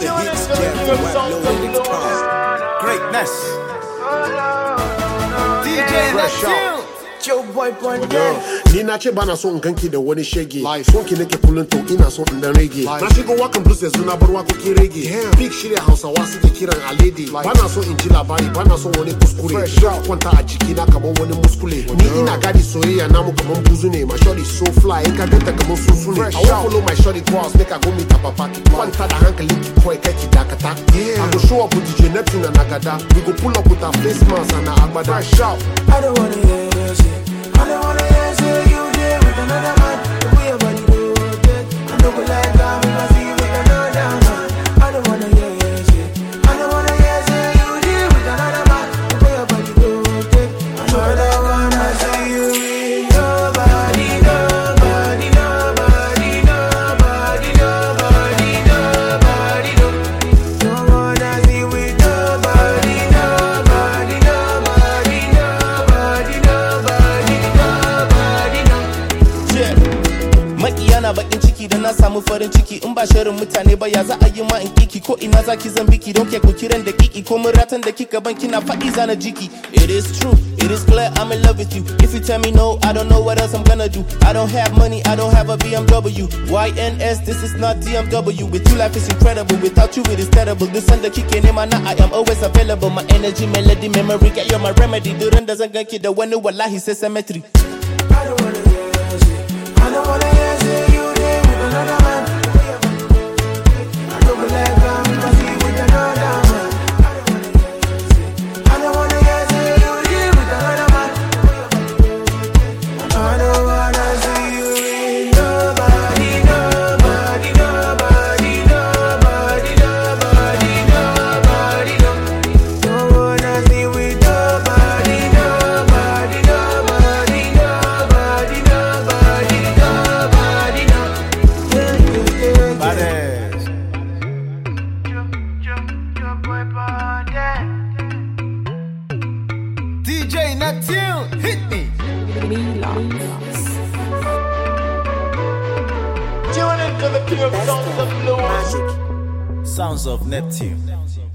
Jonas, Jonas, Greatness. DJ, that's you. Joe Boy Boy ni na ce bana ganki da wani shege son ki nake kullun to ina in dan na shigo wakan blues yanzu na big shirya hausawa suke kiran bana in ji labari bana wani kuskure kwanta a na kamar wani muskule ni ina gadi soyayya namu kamar buzu ne shorty so fly ka ganta kamar susu ne i follow my shorty cross make i go meet papa kwanta da hankali ki kai ki dakata i go show up with DJ Neptune and Agada we go pull up with our face mask and our agbada I don't wanna hear your I don't wanna hear your na samu farin ciki in ba shirin mutane ba ya za a yi ma in kiki ko ina za ki zan biki don ku kiran da kiki ko mun ratan da kika ban kina faɗi zana jiki it is true it is clear I'm in love with you if you tell me no I don't know what else I'm gonna do I don't have money I don't have a BMW YNS this is not DMW with you life is incredible without you it is terrible this da kike nema na I am always available my energy melody memory get you my remedy durin da zan ganki da wani wallahi sai symmetry that tune. Hit me. Tune into the pure sounds of Lord. Sounds of Neptune.